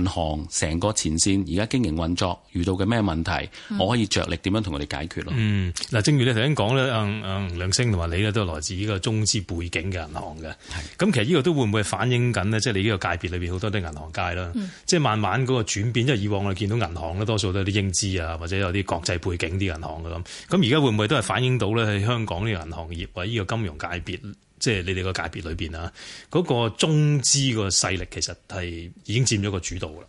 銀行成個前線而家經營運作遇到嘅咩問題，嗯、我可以着力點樣同佢哋解決咯。嗯，嗱，正如你頭先講咧，誒、嗯、誒、嗯、梁星同埋你咧都係來自呢個中資背景嘅銀行嘅。係是。咁其實呢個都會唔會反映緊咧？即、就、係、是、你呢個界別裏邊好多啲銀行界啦，嗯、即係慢慢嗰個轉變。因為以往我哋見到銀行咧，多數都係啲英資啊，或者有啲國際背景啲銀行嘅咁。咁而家會唔會都係反映到咧喺香港呢個銀行業或者呢個金融界別？即係你哋個界別裏面啊，嗰個中資個勢力其實係已經佔咗個主導啦。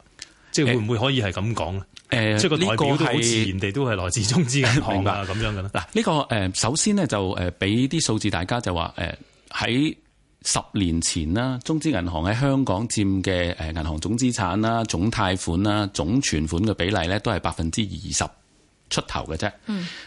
即係會唔會可以係咁講咧？誒、呃，即係呢、呃呢個係自然地都係來自中資銀行啊咁樣嘅啦嗱，呢個首先呢，就誒俾啲數字大家就話喺十年前啦，中資銀行喺香港佔嘅誒銀行總資產啦、總貸款啦、總存款嘅比例呢，都係百分之二十。出頭嘅啫，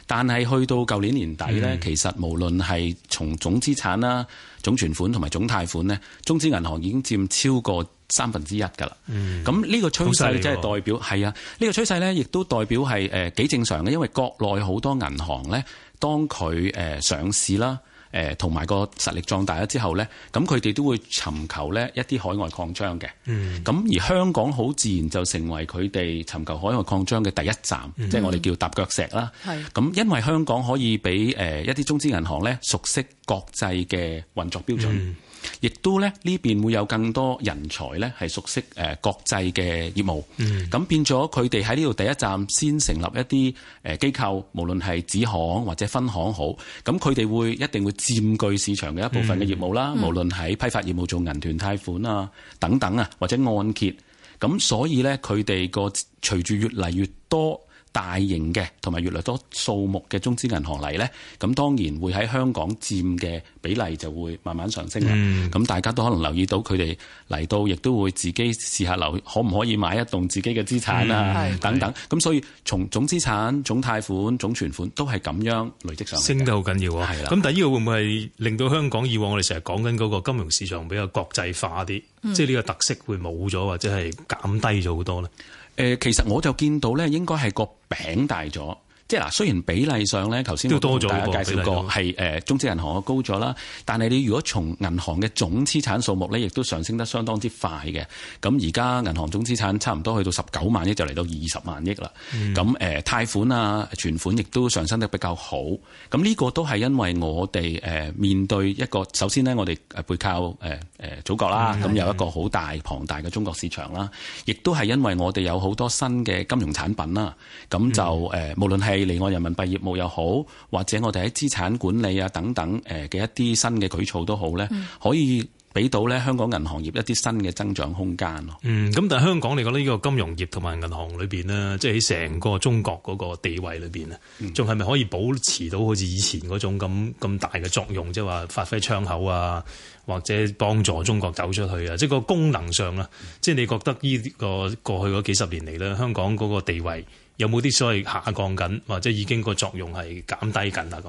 但係去到舊年年底咧，嗯、其實無論係從總資產啦、總存款同埋總貸款咧，中資銀行已經佔超過三分之一㗎啦。咁呢、嗯、個趨勢即係代表係啊，呢、呢個趨勢咧亦都代表係誒幾正常嘅，因為國內好多銀行咧，當佢誒上市啦。誒同埋個實力壯大咗之後呢，咁佢哋都會尋求呢一啲海外擴張嘅。嗯，咁而香港好自然就成為佢哋尋求海外擴張嘅第一站，即係、嗯、我哋叫踏腳石啦。係是，咁因為香港可以俾誒一啲中資銀行呢熟悉國際嘅運作標準。嗯亦都咧呢邊會有更多人才呢係熟悉誒國際嘅業務，咁、嗯、變咗佢哋喺呢度第一站先成立一啲誒機構，無論係子行或者分行好，咁佢哋會一定會佔據市場嘅一部分嘅業務啦。嗯、無論喺批發業務做銀團貸款啊等等啊，或者按揭，咁所以呢，佢哋個隨住越嚟越多。大型嘅同埋越嚟多數目嘅中資銀行嚟呢，咁當然會喺香港佔嘅比例就會慢慢上升啦。咁、嗯、大家都可能留意到佢哋嚟到，亦都會自己試下留，可唔可以買一棟自己嘅資產啊？嗯、等等。咁所以從總資產、總貸款、總存款都係咁樣累積上升得好緊要啊！咁的第二個會唔會係令到香港以往我哋成日講緊嗰個金融市場比較國際化啲，嗯、即係呢個特色會冇咗或者係減低咗好多呢？誒，其實我就見到咧，應該係個餅大咗。即係雖然比例上咧，頭先都多咗。大家介紹過係誒中資銀行嘅高咗啦，但係你如果從銀行嘅總資產數目咧，亦都上升得相當之快嘅。咁而家銀行總資產差唔多去到十九萬億，就嚟到二十萬億啦。咁誒、嗯、貸款啊、存款亦都上升得比較好。咁、這、呢個都係因為我哋誒面對一個首先呢，我哋背靠誒誒祖國啦，咁、嗯、有一個好大龐大嘅中國市場啦。亦都係因為我哋有好多新嘅金融產品啦。咁就誒、嗯、無論係離岸人民幣業務又好，或者我哋喺資產管理啊等等、誒嘅一啲新嘅舉措都好咧，嗯、可以俾到咧香港銀行業一啲新嘅增長空間咯。嗯，咁但係香港嚟講咧，呢個金融業同埋銀行裏邊呢，即係喺成個中國嗰個地位裏邊，仲係咪可以保持到好似以前嗰種咁咁大嘅作用，即係話發揮窗口啊，或者幫助中國走出去啊？即係個功能上啦，即係你覺得呢個過去嗰幾十年嚟咧，香港嗰個地位？有冇啲所謂下降緊，或者已經個作用係減低緊啦？咁？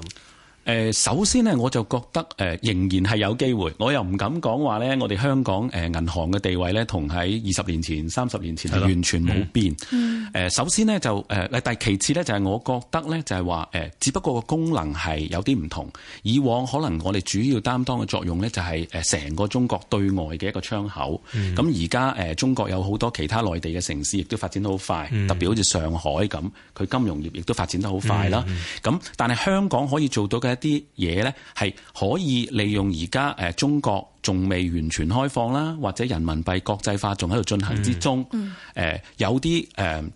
誒，首先咧，我就覺得誒，仍然係有機會。我又唔敢講話咧，我哋香港誒銀行嘅地位咧，同喺二十年前、三十年前係完全冇變。首先咧就誒，但係其次咧就係我覺得咧就係話只不過個功能係有啲唔同。以往可能我哋主要擔當嘅作用咧就係成個中國對外嘅一個窗口。咁而家中國有好多其他內地嘅城市亦都發展得好快，嗯、特別好似上海咁，佢金融業亦都發展得好快啦。咁、嗯、但係香港可以做到嘅，一啲嘢呢，係可以利用而家中國仲未完全開放啦，或者人民幣國際化仲喺度進行之中，嗯嗯呃、有啲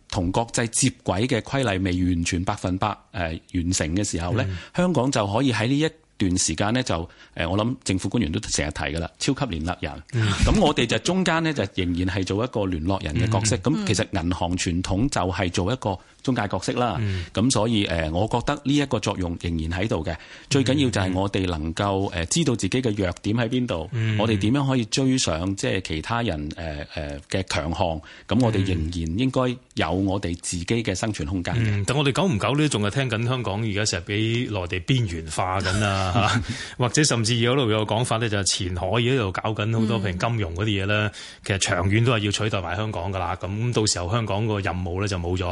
同、呃、國際接軌嘅規例未完全百分百完成嘅時候呢、嗯、香港就可以喺呢一段時間呢，就我諗政府官員都成日提㗎喇，超級聯絡人。咁、嗯、我哋就中間呢，就仍然係做一個聯絡人嘅角色。咁、嗯嗯、其實銀行傳統就係做一個。中介角色啦，咁、嗯、所以誒，我覺得呢一個作用仍然喺度嘅。最緊要就係我哋能夠誒知道自己嘅弱點喺邊度，嗯、我哋點樣可以追上即係其他人誒誒嘅強項，咁我哋仍然應該有我哋自己嘅生存空間，嗯。但我哋久唔久咧，仲係聽緊香港而家成日俾內地邊緣化緊啊， 或者甚至有度有個講法咧，就係、係、前海喺度搞緊好多譬如金融嗰啲嘢咧，其實長遠都係要取代埋香港噶啦。咁到時候香港個任務咧就冇咗。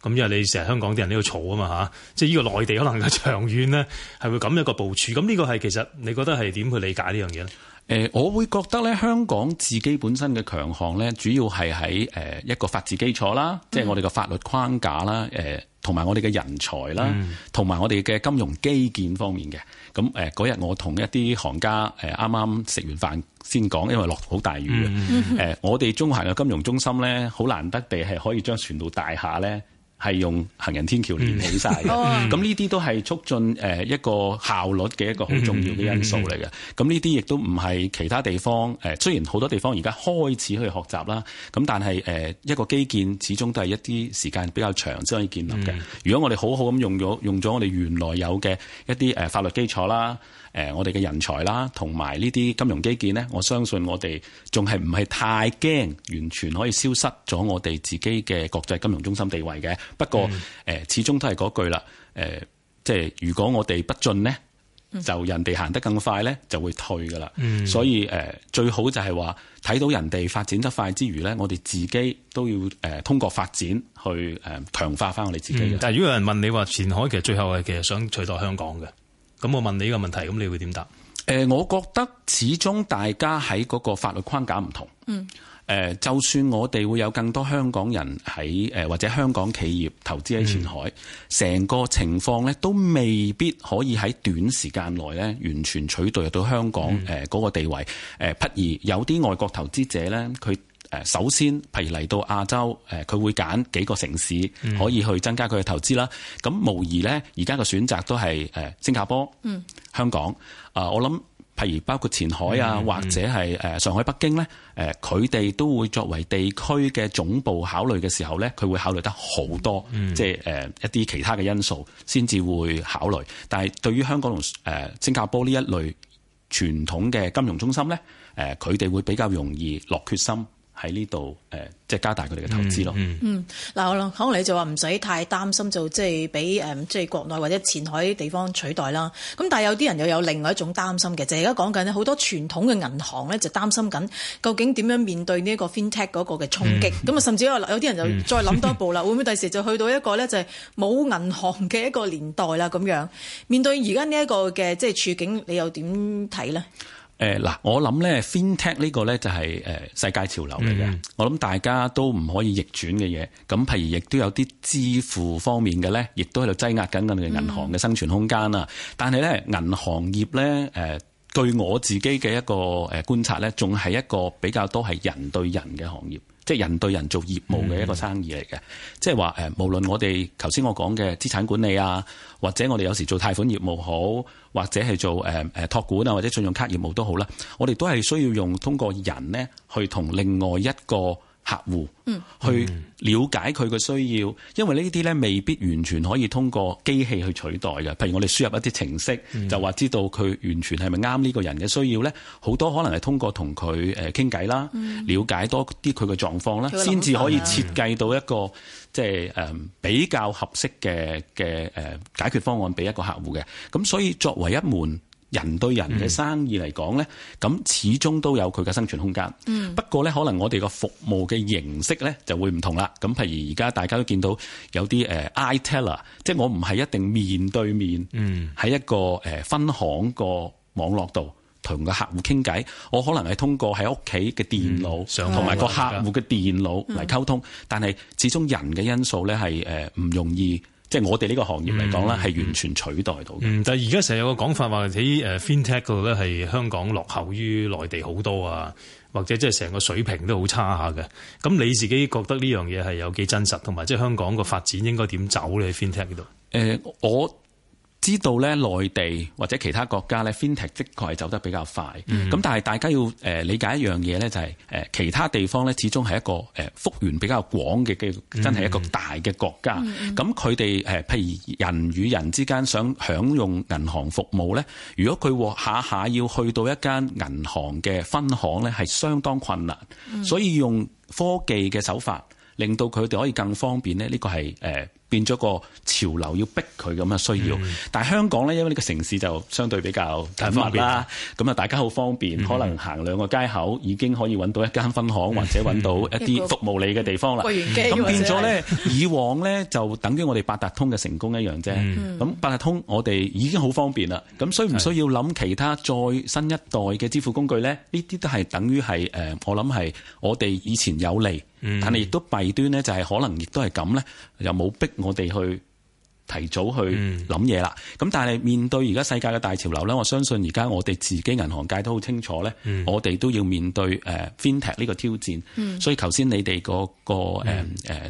咁因為你成日香港啲人都喺度吵啊嘛吓，即係呢個內地可能嘅長遠呢係會咁一個部署，咁呢個係其實你覺得係點去理解呢樣嘢呢？誒、呃，我會覺得咧香港自己本身嘅強項咧，主要係喺一個法治基礎啦，嗯、即係我哋嘅法律框架啦，同、呃、埋我哋嘅人才啦，同埋、嗯、我哋嘅金融基建方面嘅。咁誒嗰日我同一啲行家誒啱啱食完飯先講，因為落好大雨嘅。我哋中環嘅金融中心咧，好難得地係可以將船到大廈咧。係用行人天橋連起晒嘅，咁呢啲都係促進誒一個效率嘅一個好重要嘅因素嚟嘅。咁呢啲亦都唔係其他地方誒，雖然好多地方而家開始去學習啦，咁但係誒一個基建始終都係一啲時間比較長先可以建立嘅。 如果我哋好好咁用咗用咗我哋原來有嘅一啲誒法律基礎啦。誒、呃，我哋嘅人才啦，同埋呢啲金融基建呢，我相信我哋仲係唔係太驚，完全可以消失咗我哋自己嘅國際金融中心地位嘅。不過誒、嗯呃，始終都係嗰句啦，誒、呃，即係如果我哋不進呢，就人哋行得更快呢，就會退噶啦。嗯、所以誒、呃，最好就係話睇到人哋發展得快之餘呢，我哋自己都要誒、呃、通過發展去呃、強化翻我哋自己嘅、嗯。但如果有人問你話，前海其實最後係其實想取代香港嘅？咁我問你呢個問題，咁你會點答、呃？我覺得始終大家喺嗰個法律框架唔同。嗯、呃。就算我哋會有更多香港人喺、呃、或者香港企業投資喺前海，成、嗯、個情況咧都未必可以喺短時間內咧完全取代到香港嗰個地位。誒、嗯，不而、呃、有啲外國投資者咧，佢。誒，首先，譬如嚟到亞洲，誒，佢會揀幾個城市可以去增加佢嘅投資啦。咁、嗯、無疑呢，而家嘅選擇都係誒新加坡、嗯、香港。啊，我諗譬如包括前海啊，嗯、或者係誒上海、北京呢，誒佢哋都會作為地區嘅總部考慮嘅時候呢，佢會考慮得好多，嗯、即係一啲其他嘅因素先至會考慮。但係對於香港同誒新加坡呢一類傳統嘅金融中心呢，誒佢哋會比較容易落決心。喺呢度誒，即係加大佢哋嘅投資咯、嗯。嗯，嗱、嗯、好啦，可能你就話唔使太擔心，就即係俾誒，即、嗯、係、就是、國內或者前海地方取代啦。咁但係有啲人又有另外一種擔心嘅，就係而家講緊呢好多傳統嘅銀行咧就擔心緊，究竟點樣面對呢一個 FinTech 嗰個嘅衝擊？咁啊、嗯，甚至有有啲人就再諗多一步啦，嗯、 會唔會第時就去到一個咧就係冇銀行嘅一個年代啦？咁樣面對而家呢一個嘅即係處境，你又點睇咧？誒嗱，我諗咧，FinTech 呢個咧就係誒世界潮流嚟嘅，mm hmm. 我諗大家都唔可以逆轉嘅嘢。咁譬如亦都有啲支付方面嘅咧，亦都喺度擠壓緊我哋銀行嘅生存空間啦。Mm hmm. 但係咧，銀行業咧誒，據我自己嘅一個誒觀察咧，仲係一個比較多係人對人嘅行業。即係人對人做業務嘅一個生意嚟嘅，即係話誒，無論我哋頭先我講嘅資產管理啊，或者我哋有時做貸款業務好，或者係做誒誒託管啊，或者信用卡業務都好啦，我哋都係需要用通過人咧去同另外一個。客戶去了解佢嘅需要，嗯、因為呢啲咧未必完全可以通過機器去取代嘅。譬如我哋輸入一啲程式，嗯、就話知道佢完全係咪啱呢個人嘅需要咧，好多可能係通過同佢誒傾偈啦，嗯、了解多啲佢嘅狀況啦，先至、啊、可以設計到一個即係比較合適嘅嘅誒解決方案俾一個客戶嘅。咁所以作為一門。人對人嘅生意嚟講呢，咁始終都有佢嘅生存空間。嗯、不過呢，可能我哋個服務嘅形式呢就會唔同啦。咁譬如而家大家都見到有啲誒、呃、i teller，嗯、即我唔係一定面對面喺一個誒分行個網絡度同個客戶傾偈，我可能係通過喺屋企嘅電腦、嗯，同埋個客戶嘅電腦嚟溝通。嗯、但係始終人嘅因素呢係誒唔容易。即係我哋呢個行業嚟講咧，係、嗯、完全取代到嘅。嗯，但係而家成日有個講法話喺 FinTech 嗰度咧，係香港落後於內地好多啊，或者即係成個水平都好差下嘅。咁你自己覺得呢樣嘢係有幾真實，同埋即係香港個發展應該點走咧？FinTech 度、呃？我。知道咧，內地或者其他國家咧，fintech 的確係走得比較快。咁、嗯、但係大家要誒理解一樣嘢咧，就係、誒、其他地方咧，始終係一個誒幅員比較廣嘅嘅，真係一個大嘅國家。咁佢哋誒譬如人與人之間想享用銀行服務咧，如果佢下下要去到一間銀行嘅分行咧，係相當困難。所以用科技嘅手法，令到佢哋可以更方便咧，呢個係誒。呃變咗個潮流，要逼佢咁嘅需要。嗯、但係香港呢，因為呢個城市就相對比較大啦，咁啊大家好方便，方便嗯、可能行兩個街口已經可以揾到一間分行，嗯、或者揾到一啲服務你嘅地方啦。咁、嗯、變咗呢，以往呢就等於我哋八達通嘅成功一樣啫。咁、嗯、八達通我哋已經好方便啦。咁需唔需要諗其他再新一代嘅支付工具呢？呢啲都係等於係、呃、我諗係我哋以前有利，嗯、但係亦都弊端呢，就係、是、可能亦都係咁呢，又冇逼。我哋去提早去諗嘢啦，咁但係面對而家世界嘅大潮流咧，我相信而家我哋自己銀行界都好清楚咧，嗯、我哋都要面對 FinTech 呢個挑戰。嗯、所以頭先你哋嗰個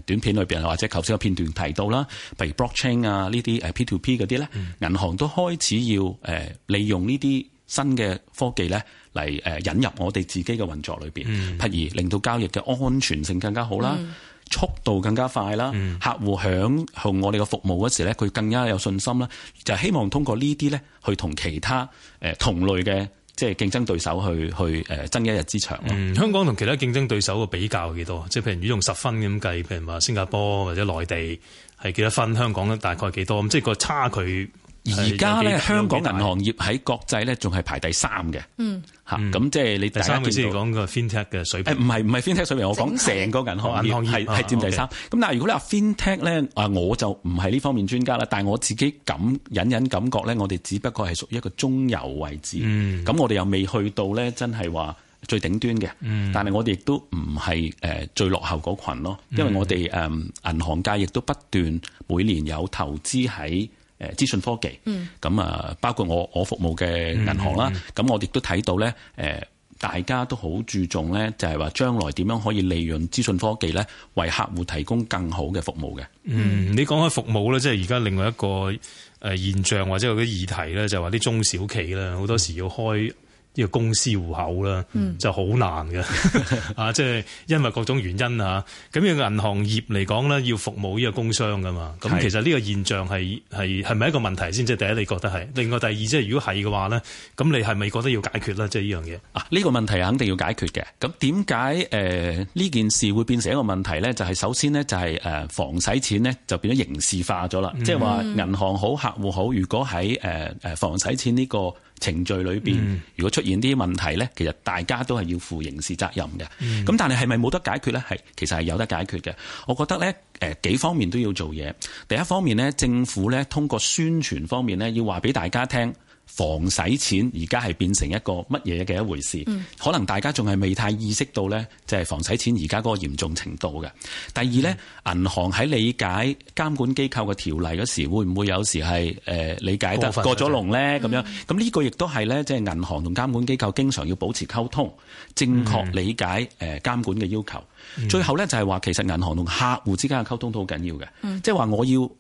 短片裏面，或者頭先個片段提到啦，譬如 Blockchain 啊呢啲誒 P2P 嗰啲咧，銀、嗯、行都開始要利用呢啲新嘅科技咧嚟引入我哋自己嘅運作裏面，譬如令到交易嘅安全性更加好啦。嗯速度更加快啦，客戶享同我哋嘅服務嗰時咧，佢更加有信心啦，就希望通過呢啲咧，去同其他誒同類嘅即係競爭對手去去誒爭一日之長。嗯，香港同其他競爭對手嘅比較幾多？即係譬如用十分咁計，譬如話新加坡或者內地係幾多分？香港大概幾多？咁即係個差距。而家咧，香港銀行業喺國際咧，仲係排第三嘅。嗯，咁即係你、嗯、第一見到講個 fintech 嘅水平。唔係唔係 fintech 水平，我講成個銀行業係係佔第三。咁、啊 okay、但係如果你話 fintech 咧，啊，我就唔係呢方面專家啦。但係我自己感隱隱感覺咧，我哋只不過係屬於一個中游位置。嗯，咁我哋又未去到咧，真係話最頂端嘅。嗯，但係我哋亦都唔係誒最落後嗰群咯，因為我哋誒、嗯、銀行界亦都不斷每年有投資喺。誒資訊科技，咁啊，包括我我服務嘅銀行啦，咁我哋都睇到咧，誒，大家都好注重咧，就係話將來點樣可以利用資訊科技咧，為客戶提供更好嘅服務嘅。嗯，你講開服務咧，即係而家另外一個誒現象或者個議題咧，就係話啲中小企啦，好多時要開。要公司戶口啦，就好難嘅啊！即係因為各種原因啊，咁要銀行業嚟講咧，要服務呢個工商㗎嘛。咁是其實呢個現象係係係咪一個問題先？即係第一，你覺得係；另外第二，即係如果係嘅話咧，咁你係咪覺得要解決咧？即係呢樣嘢啊？呢、這個問題肯定要解決嘅。咁點解誒呢件事會變成一個問題咧？就係、是、首先咧，就係誒防洗錢咧，就變咗刑事化咗啦。嗯、即係話銀行好，客戶好，如果喺誒誒防洗錢呢、這個。程序裏面，嗯、如果出現啲問題呢，其實大家都係要負刑事責任嘅。咁、嗯、但係係咪冇得解決呢？係其實係有得解決嘅。我覺得呢，誒幾方面都要做嘢。第一方面呢，政府呢，通過宣傳方面呢，要話俾大家聽。防洗錢而家係變成一個乜嘢嘅一回事，嗯、可能大家仲係未太意識到呢，就係、是、防洗錢而家嗰個嚴重程度嘅。第二呢，銀、嗯、行喺理解監管機構嘅條例嗰時，會唔會有時係誒、呃、理解得過咗籠呢？咁樣？咁呢、嗯、個亦都係呢，即係銀行同監管機構經常要保持溝通，正確理解誒監管嘅要求。嗯、最後呢，就係話，其實銀行同客戶之間嘅溝通都好緊要嘅，嗯、即係話我要。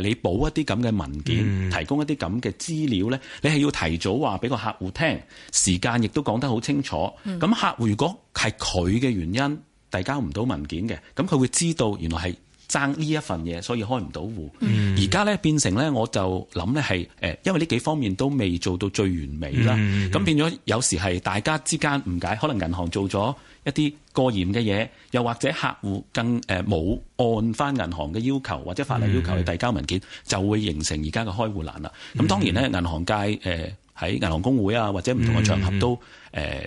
你補一啲咁嘅文件，提供一啲咁嘅資料呢、嗯、你係要提早話俾個客戶聽，時間亦都講得好清楚。咁、嗯、客戶如果係佢嘅原因遞交唔到文件嘅，咁佢會知道原來係爭呢一份嘢，所以開唔到戶。而家呢，變成呢，我就諗呢係因為呢幾方面都未做到最完美啦。咁、嗯嗯、變咗有時係大家之間誤解，可能銀行做咗。一啲過嚴嘅嘢，又或者客戶更冇、呃、按翻銀行嘅要求或者法例要求去遞交文件，mm hmm. 就會形成而家嘅開戶難啦。咁、mm hmm. 當然咧，銀行界喺、呃、銀行公會啊，或者唔同嘅場合都、呃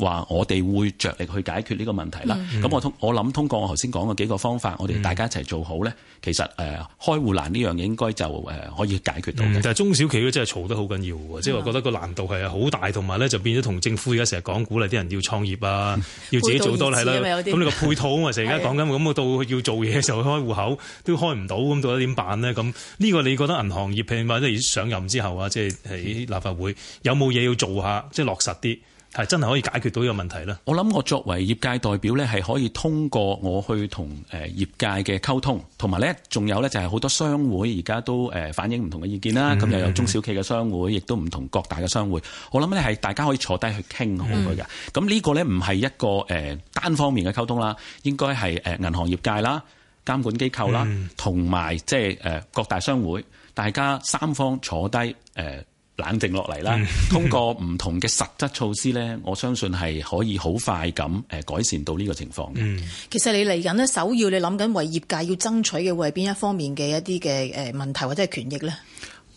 話我哋會着力去解決呢個問題啦。咁、嗯、我通我諗通過我頭先講嘅幾個方法，我哋大家一齊做好咧，嗯、其實誒、呃、開戶難呢樣嘢應該就、呃、可以解決到嘅、嗯。但係中小企咧真係嘈得好緊要喎，即係、嗯、我覺得個難度係好大，同埋咧就變咗同政府而家成日講鼓勵啲人要創業啊，要自己做多係啦。咁你個配套啊嘛，成日而家講緊，咁我到要做嘢就開戶口都開唔到呢，咁到底點辦咧？咁呢個你覺得銀行業譬如話即係上任之後啊，即係喺立法會、嗯、有冇嘢要做下，即、就、係、是、落實啲？係真係可以解決到呢個問題啦？我諗我作為業界代表呢，係可以通過我去同誒業界嘅溝通，同埋呢仲有呢，就係、是、好多商會而家都反映唔同嘅意見啦。咁、嗯、又有中小企嘅商會，嗯、亦都唔同各大嘅商會。我諗呢係大家可以坐低去傾好佢嘅。咁呢、嗯、個呢，唔係一個誒、呃、單方面嘅溝通啦，應該係誒銀行業界啦、監管機構啦，同埋即係各大商會，大家三方坐低誒。呃冷靜落嚟啦，通過唔同嘅實質措施咧， 我相信係可以好快咁誒改善到呢個情況嘅、嗯。其實你嚟緊呢，首要你諗緊為業界要爭取嘅會係邊一方面嘅一啲嘅誒問題或者係權益咧？誒、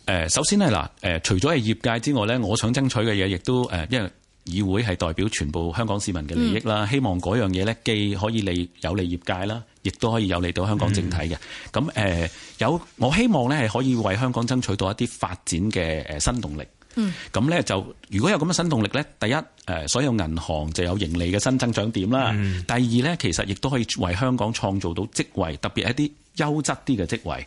呃，首先係嗱，誒、呃、除咗係業界之外咧，我想爭取嘅嘢亦都誒、呃，因為。議會係代表全部香港市民嘅利益啦，嗯、希望嗰樣嘢呢既可以利有利業界啦，亦都可以有利到香港整體嘅。咁誒、嗯呃、有我希望呢係可以為香港爭取到一啲發展嘅誒新動力。嗯咁咧就如果有咁嘅新動力咧，第一，所有銀行就有盈利嘅新增長點啦。嗯、第二咧，其實亦都可以為香港創造到職位，特別係一啲優質啲嘅職位。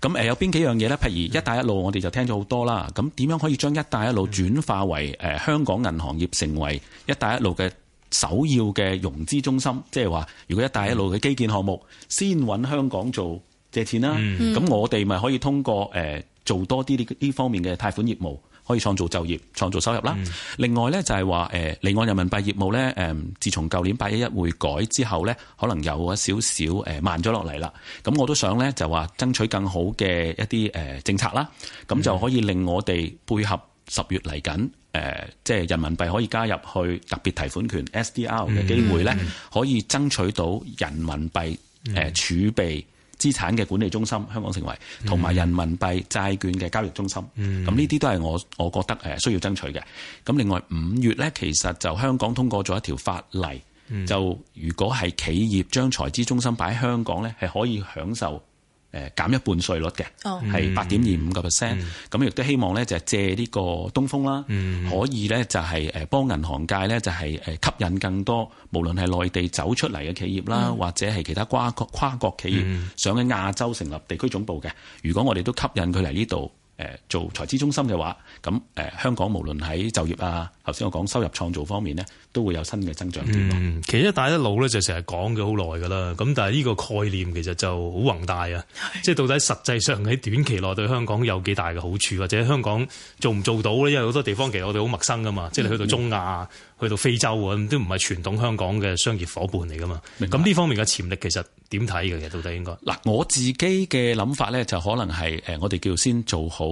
咁有邊幾樣嘢咧？譬如一帶一路，我哋就聽咗好多啦。咁點、嗯、樣可以將一帶一路轉化為香港銀行業成為一帶一路嘅首要嘅融資中心？即係話，如果一帶一路嘅基建項目先揾香港做借錢啦，咁、嗯、我哋咪可以通過、呃、做多啲呢呢方面嘅貸款業務。可以創造就業、創造收入啦。嗯、另外呢，就係話誒離岸人民幣業務呢，自從舊年八一一會改之後呢，可能有一少少慢咗落嚟啦。咁我都想呢，就話爭取更好嘅一啲政策啦，咁就可以令我哋配合十月嚟緊誒，即、呃、係、就是、人民幣可以加入去特別提款權 SDR 嘅機會呢，嗯、可以爭取到人民幣誒、嗯呃、儲備。資產嘅管理中心，香港成為同埋人民幣債券嘅交易中心。咁呢啲都係我我覺得誒需要爭取嘅。咁另外，五月呢其實就香港通過咗一條法例，就如果係企業將財資中心擺喺香港呢，係可以享受，誒減一半稅率嘅，係八點二五個 percent，咁亦都希望咧就係借呢個東風啦，可以咧就係誒幫銀行界咧就係誒吸引更多，無論係內地走出嚟嘅企業啦，嗯、或者係其他跨國跨國企業想喺、嗯、亞洲成立地區總部嘅，如果我哋都吸引佢嚟呢度。誒，做財資中心嘅話，咁誒，香港無論喺就業啊，頭先我講收入創造方面呢，都會有新嘅增長點，嗯。其實一帶一路咧就成日講咗好耐噶啦，咁但係呢個概念其實就好宏大啊。即係到底實際上喺短期內對香港有幾大嘅好處，或者香港做唔做到咧？因為好多地方其實我哋好陌生噶嘛，即係你去到中亞、嗯、去到非洲啊，都唔係傳統香港嘅商業夥伴嚟噶嘛。咁呢白方面嘅潛力其實點睇嘅？其實、嗯、到底應該嗱，我自己嘅諗法咧，就可能係誒，我哋叫先做好。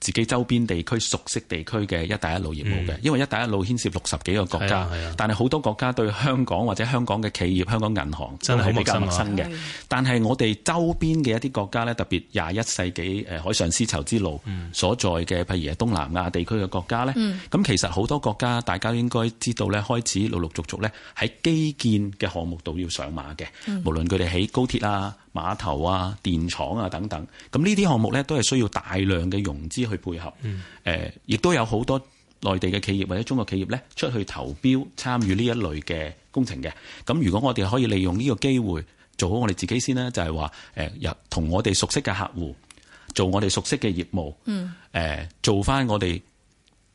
自己周邊地區，熟悉地區嘅一帶一路業務嘅，因為一帶一路牽涉六十幾個國家，但係好多國家對香港或者香港嘅企業、香港銀行真係好比較陌生嘅。但係我哋周邊嘅一啲國家咧，特別廿一世紀海上絲綢之路所在嘅，譬如東南亞地區嘅國家咧，咁其實好多國家大家應該知道咧，開始陸陸續續咧喺基建嘅項目度要上馬嘅，無論佢哋喺高鐵啊、碼頭啊、電廠啊等等，咁呢啲項目咧都係需要大量嘅融資。去配合，誒，亦都有好多內地嘅企業或者中國企業咧出去投標參與呢一類嘅工程嘅。咁如果我哋可以利用呢個機會做好我哋自己先啦，就係話誒，由同我哋熟悉嘅客戶做我哋熟悉嘅業務，誒、嗯，做翻我哋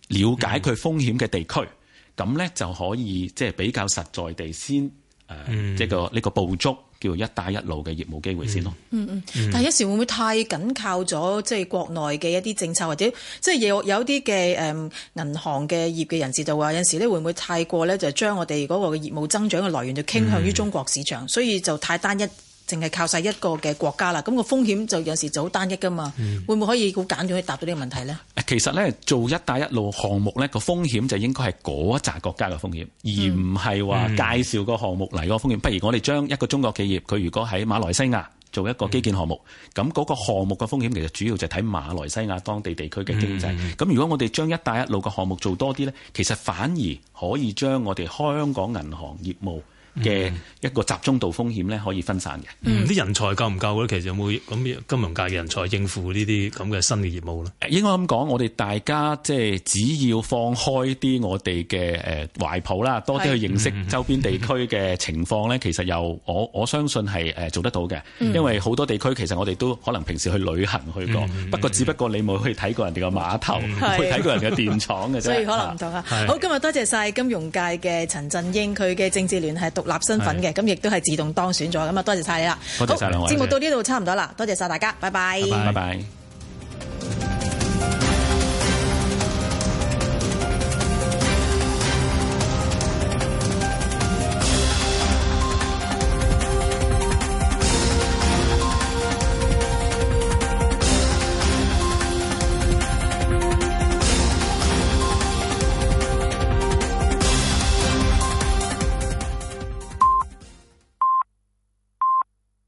了解佢風險嘅地區，咁咧、嗯、就可以即係比較實在地先誒，即係個呢個捕捉。叫一帶一路嘅業務機會先咯、嗯。嗯嗯，但係有時會唔會太緊靠咗即係國內嘅一啲政策，或者即係有啲嘅誒銀行嘅業嘅人士就話，有時咧會唔會太過咧就將我哋嗰個業務增長嘅來源就傾向於中國市場，嗯、所以就太單一，淨係靠晒一個嘅國家啦。咁個風險就有時就好單一噶嘛。嗯、會唔會可以好簡短去答到呢個問題咧？其實咧，做一帶一路項目咧，個風險就應該係嗰一紮國家嘅風險，而唔係話介紹個項目嚟個風險。嗯、不如我哋將一個中國企業，佢如果喺馬來西亞做一個基建項目，咁嗰、嗯、個項目嘅風險其實主要就睇馬來西亞當地地區嘅經濟。咁、嗯、如果我哋將一帶一路嘅項目做多啲呢，其實反而可以將我哋香港銀行業務嘅、嗯、一個集中度風險咧，可以分散嘅，嗯。啲、嗯、人才夠唔夠咧？其實有冇咁金融界嘅人才應付呢啲咁嘅新嘅業務咧？應該咁講，我哋大家即係只要放開啲我哋嘅，誒懷抱啦，多啲去認識周邊地區嘅情況咧。是嗯、其實又我我相信係誒做得到嘅，嗯、因為好多地區其實我哋都可能平時去旅行去過，嗯、不過只不過你冇去睇過人哋嘅碼頭，嗯、去睇過人哋嘅電廠嘅啫。是所以可能唔同啊。是好，今日多謝晒金融界嘅陳振英，佢嘅政治聯繫。立身份嘅咁，亦都係自動當選咗，咁啊。多謝晒你啦，謝謝你。好，好，節目到呢度差唔多啦，多謝晒大家，拜拜，拜拜。拜拜。